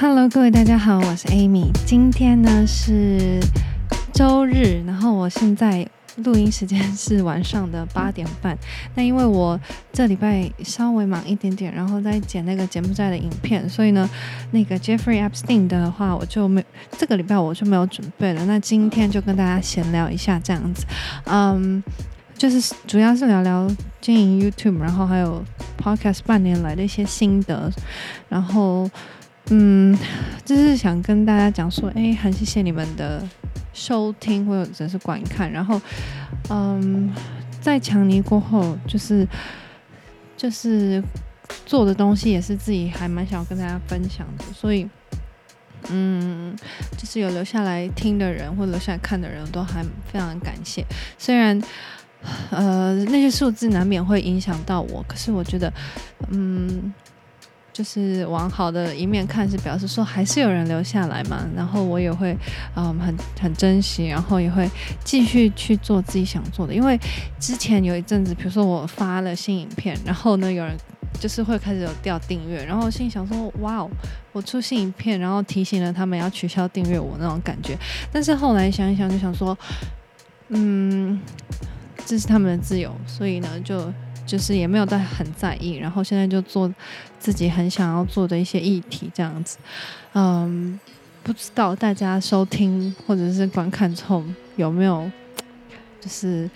Hello，各位大家好，我是 Amy。今天呢是週日，然後我現在錄音時間是晚上的八點半。那因為我這禮拜稍微忙一點點，然後再剪那個柬埔寨的影片，所以呢，那個 Jeffrey Epstein 的話，我就沒這個禮拜我就沒有準備了。那今天就跟大家閒聊一下這樣子，嗯、um,，就是主要是聊聊經營 YouTube，然後還有 Podcast 半年來的一些心得，然後。嗯，就是想跟大家講說，欸，很謝謝你們的收聽或者是觀看。然後，嗯，在強尼過後，就是就是做的東西也是自己還蠻想要跟大家分享的。所以，嗯，就是有留下來聽的人或留下來看的人都還非常感謝。雖然，呃，那些數字難免會影響到我，可是我覺得，嗯。就是往好的一面看，是表示說還是有人留下來嘛。然後我也會，嗯，很很珍惜，然後也會繼續去做自己想做的。因為之前有一陣子，比如說我發了新影片，然後呢，有人就是會開始有掉訂閱，然後我心想說哇，我出新影片，然後提醒了他們要取消訂閱我那種感覺。但是後來想一想，就想說，嗯，這是他們的自由，所以呢就。就是也沒有在很在意，然後現在就做自己很想要做的一些議題這樣子，嗯，um，不知道大家收聽或者是觀看之後有沒有就是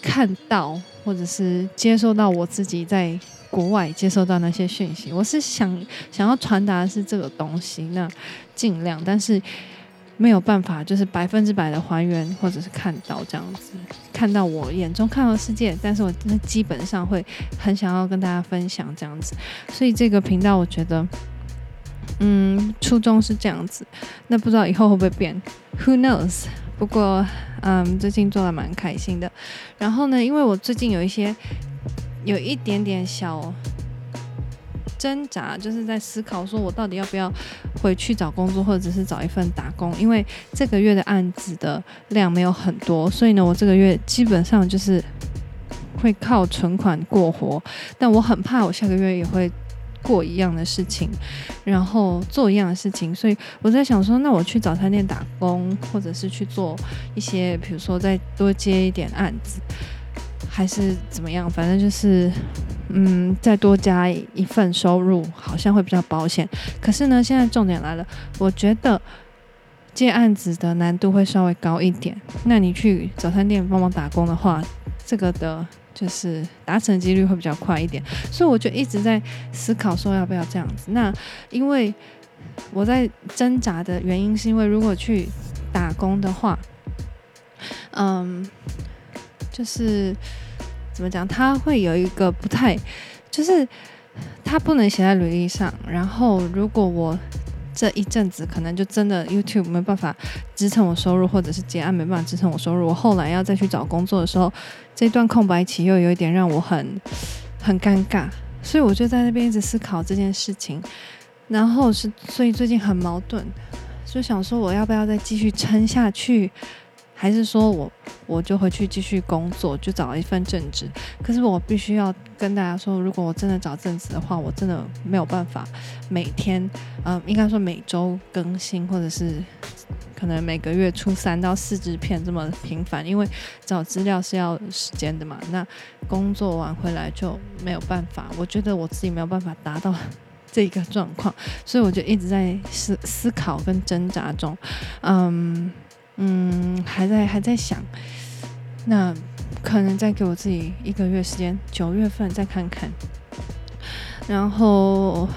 看到或者是接受到我自己在國外接受到那些訊息，我是想，想要傳達的是這個東西，那盡量，但是。沒有辦法，就是百分之百的還原，或者是看到這樣子，看到我眼中看到的世界。但是，我真的基本上會很想要跟大家分享這樣子，所以這個頻道，我覺得，嗯，初衷是這樣子。那不知道以後會不會變？Who knows？不過，嗯，最近做的蠻開心的。然後呢，因為我最近有一些有一點點小。掙扎就是在思考，說我到底要不要回去找工作，或者是找一份打工。因為這個月的案子的量沒有很多，所以呢，我這個月基本上就是會靠存款過活。但我很怕我下個月也會過一樣的事情，然後做一樣的事情。所以我在想說，那我去早餐店打工，或者是去做一些，比如說再多接一點案子。還是怎麼樣？反正就是，嗯，再多加一份收入，好像會比較保險。可是呢，現在重點來了，我覺得接案子的難度會稍微高一點。那你去早餐店幫忙打工的話，這個的就是達成幾率會比較快一點。所以我就一直在思考，說要不要這樣子。那因為我在掙扎的原因，是因為如果去打工的話，嗯，就是。怎麼講？他會有一個不太，就是他不能寫在履歷上。然後，如果我這一陣子可能就真的 YouTube 沒辦法支撐我收入，或者是接案沒辦法支撐我收入，我後來要再去找工作的時候，這段空白期又有一點讓我很很尷尬。所以我就在那邊一直思考這件事情，然後是所以最近很矛盾，就想說我要不要再繼續撐下去。還是說我我就回去繼續工作，就找一份正職。可是我必須要跟大家說，如果我真的找正職的話，我真的沒有辦法每天，嗯，應該說每周更新，或者是可能每個月出三到四支片這麼頻繁，因為找資料是要時間的嘛。那工作完回來就沒有辦法，我覺得我自己沒有辦法達到這個狀況，所以我就一直在思思考跟掙扎中，嗯。嗯，還在還在想，那可能再給我自己一個月時間，九月份再看看，然後，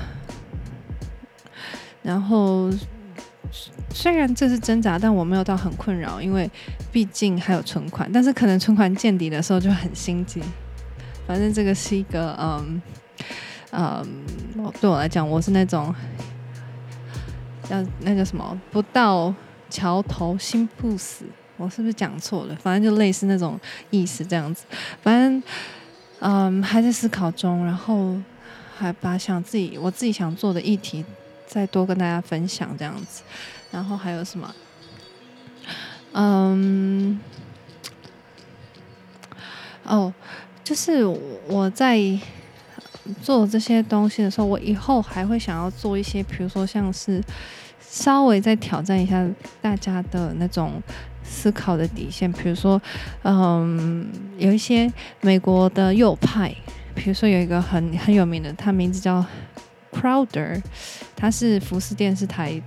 然後雖然這是掙扎，但我沒有到很困擾，因為畢竟還有存款，但是可能存款見底的時候就很心急。反正這個是一個，嗯嗯，對我來講，我是那種要那個什麼不到，橋頭心不死，我是不是講錯了？反正就類似那種意思這樣子。反正，嗯，還在思考中。然後，還把想自己我自己想做的議題再多跟大家分享這樣子。然後還有什麼？嗯，哦，就是我在做這些東西的時候，我以後還會想要做一些，比如說像是。稍微再挑戰一下大家的那種思考的底線，比如說，嗯，有一些美國的右派，比如說有一個很很有名的，他名字叫 Crowder，他是福斯電視台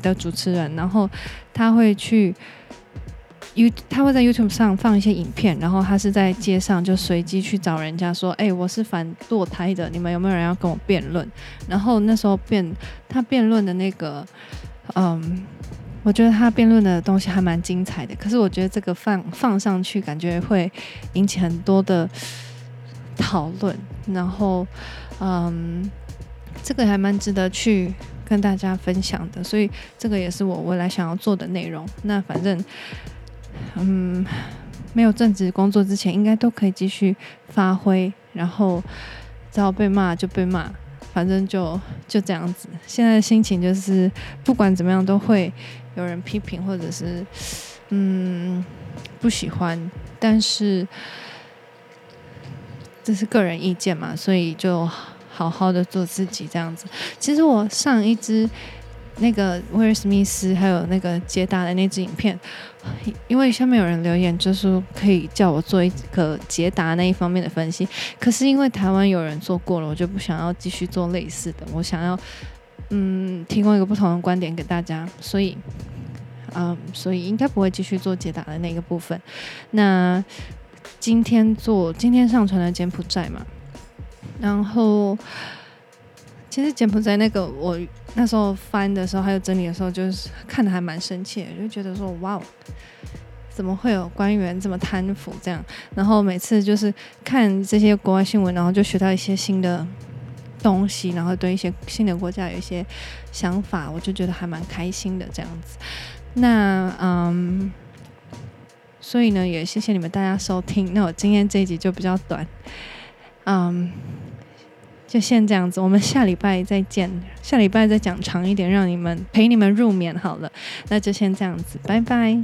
的主持人，然後他會去。YouTube, 他會在 YouTube 上放一些影片，然後他是在街上就隨機去找人家說：“哎、欸，我是反墮胎的，你們有沒有人要跟我辯論？”然後那時候辯他辯論的那個，嗯，我覺得他辯論的東西還蠻精彩的。可是我覺得這個放放上去，感覺會引起很多的討論。然後，嗯，這個還蠻值得去跟大家分享的，所以這個也是我未來想要做的內容。那反正。嗯，沒有正職工作之前，應該都可以繼續發揮。然後，只要被罵就被罵，反正就就這樣子。現在的心情就是，不管怎麼樣都會有人批評或者是嗯，不喜歡，但是這是個人意見嘛，所以就好好的做自己這樣子。其實我上一支。那個威爾史密斯，還有那個捷達的那支影片，因為下面有人留言，就是可以叫我做一個捷達那一方面的分析。可是因為台灣有人做過了，我就不想要繼續做類似的。我想要嗯提供一個不同的觀點給大家，所以啊、嗯，所以應該不會繼續做捷達的那個部分。那今天做今天上傳的柬埔寨嘛，然後。其實柬埔寨那個，我那時候翻的時候還有整理的時候，就是看得還蠻生氣的，就覺得說哇，怎麼會有官員這麼貪腐這樣？然後每次就是看這些國外新聞，然後就學到一些新的東西，然後對一些新的國家有一些想法，我就覺得還蠻開心的這樣子。那嗯，所以呢，也謝謝你們大家收聽。那我今天這一集就比較短，嗯。就先這樣子，我們下禮拜再見。下禮拜再講長一點，讓你們陪你們入眠好了。那就先這樣子，拜拜。